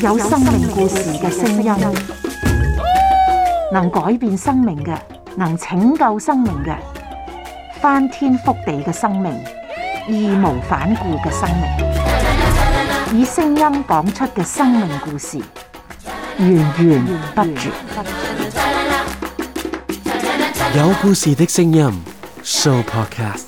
有生命故事嘅聲音，能改變生命嘅，能拯救生命嘅，翻天覆地嘅生命，義無反顧嘅生命，以聲音講出嘅生命故事，源源不絕。有故事嘅聲音，Show Podcast。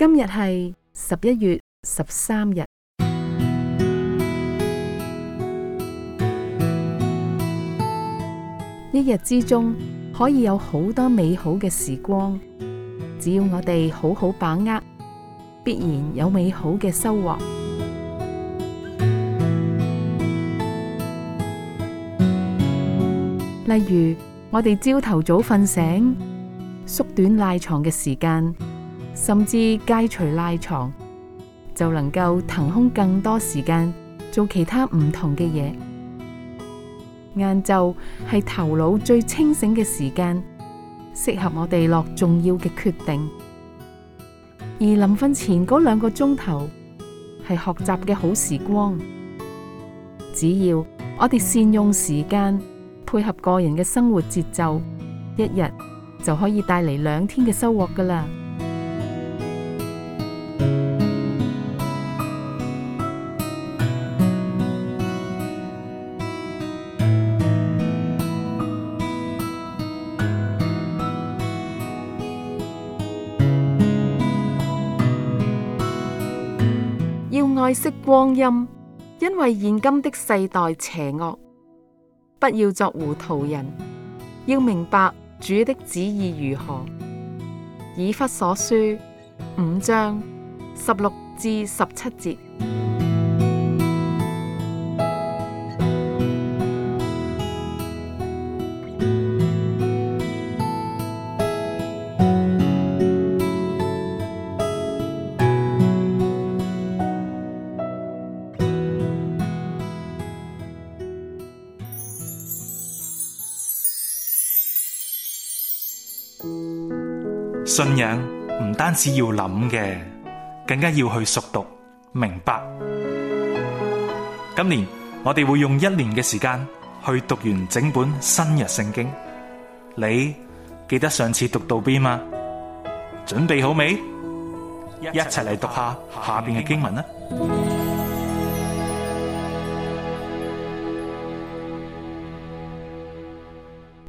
今日係十一月十三日。一日之中可以有好多美好嘅時光，只要我哋好好把握，必然有美好嘅收穫。例如，我哋朝頭早瞓醒，縮短賴床嘅時間。甚至戒除賴床，就能夠騰空更多時間做其他唔同嘅嘢。晏晝係頭腦最清醒嘅時間，適合我哋落重要嘅決定。而臨瞓前嗰兩個鐘頭係學習嘅好時光。只要我哋善用時間，配合個人嘅生活節奏，一日就可以帶嚟兩天嘅收穫㗎喇。愛惜光陰，因為現今的世代邪惡，不要作糊塗人，要明白主的旨意如何。以弗所書五章十六至十七節。信仰唔單止要諗嘅，更加要去熟讀明白。今年我哋會用一年嘅時間去讀完整本新約聖經。你記得上次讀到邊嗎？準備好未？一齊嚟讀下下邊嘅經文啦，《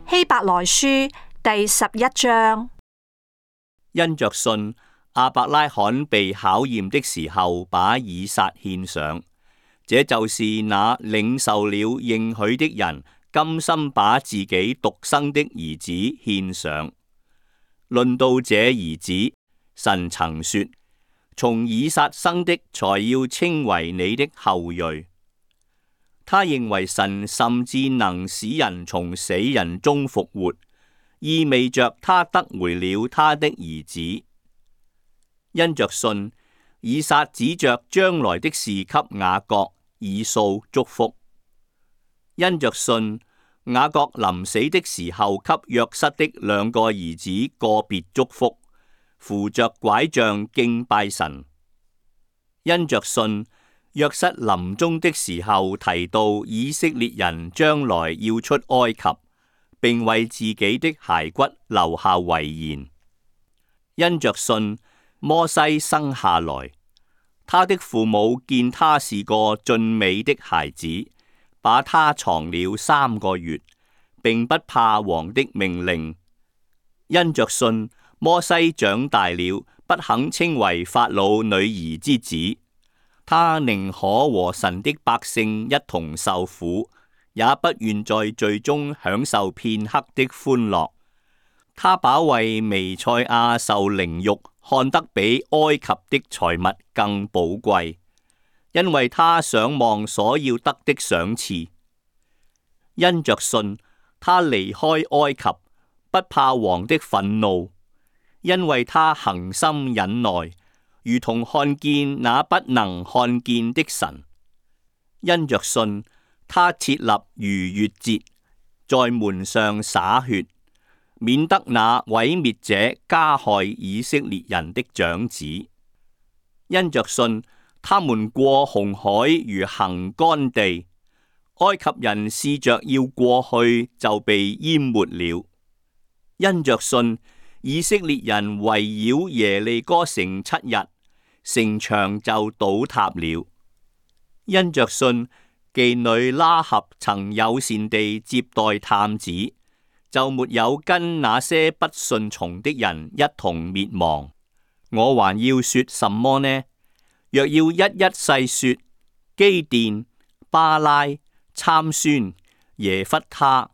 希伯來書》第十一章。因着信，亞伯拉罕被考驗的時候，把以撒獻上，這就是那領受了應許的人，甘心把自己獨生的兒子獻上。論到這兒子，神曾說：從以撒生的，才要稱為你的後裔。他認為神甚至能使人從死人中復活。意味著他得回了他的兒子。因着信，以撒指着將來的事給雅各以掃祝福。因着信，雅各臨死的時候給約瑟的兩個兒子個別祝福，扶着拐杖敬拜神。因着信，約瑟臨終的時候提到以色列人將來要出埃及。並為自己的骸骨留下遺言。因着信，摩西生下來，他的父母見他是個俊美的孩子，把他藏了三個月，並不怕王的命令。因着信，摩西長大了，不肯稱為法老女兒之子，他寧可和神的百姓一同受苦。也不願在最終享受片刻的歡樂。他把為彌賽亞受凌辱看得比埃及的財物更寶貴，因為他想望所要得的賞賜。因着信，他離開埃及，不怕王的憤怒，因為他恒心忍耐，如同看見那不能看見的神。因着信。他設立逾越節，在門上灑血，免得那毀滅者加害以色列人的長子。因着信，他們過紅海如行乾地；埃及人試着要過去，就被淹沒了。因着信，以色列人圍繞耶利哥城七日，城牆就倒塌了。因着信。妓女拉合曾友善地接待探子，就沒有跟那些不順從的人一同滅亡。我還要說什麼呢？若要一一細說，基甸、巴拉、參孫、耶弗他、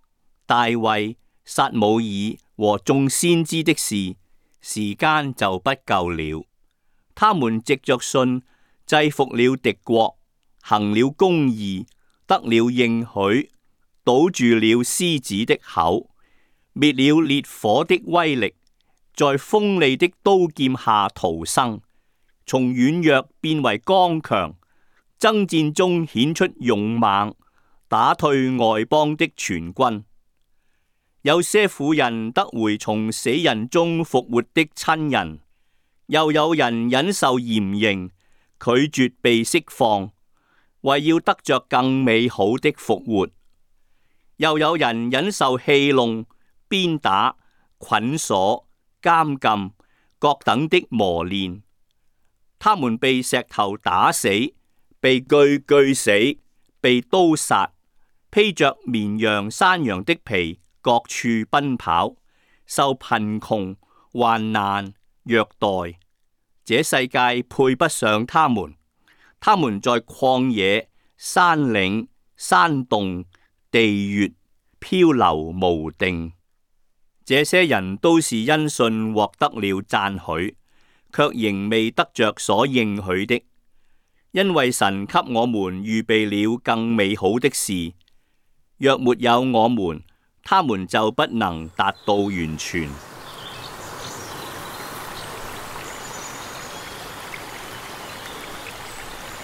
大衛、撒母耳和眾先知的事，時間就不夠了。他們藉着信制服了敵國。行了公義，得了應許，堵住了獅子的口，滅了烈火的威力，在鋒利的刀劍下逃生，從軟弱變為剛強，爭戰中顯出勇猛，打退外邦的全軍。有些婦人得回從死人中復活的親人，又有人忍受嚴刑，拒絕被釋放，為要得着更美好的復活，又有人忍受戲弄、鞭打、捆鎖、監禁各等的磨練。他們被石頭打死，被鋸鋸死，被刀殺，披着綿羊、山羊的皮，各處奔跑，受貧窮、患難、虐待。這世界配不上他們。他們在曠野、山嶺、山洞、地穴漂流無定。這些人都是因信獲得了讚許，卻仍未得着所應許的，因為神給我們預備了更美好的事。若沒有我們，他們就不能達到完全。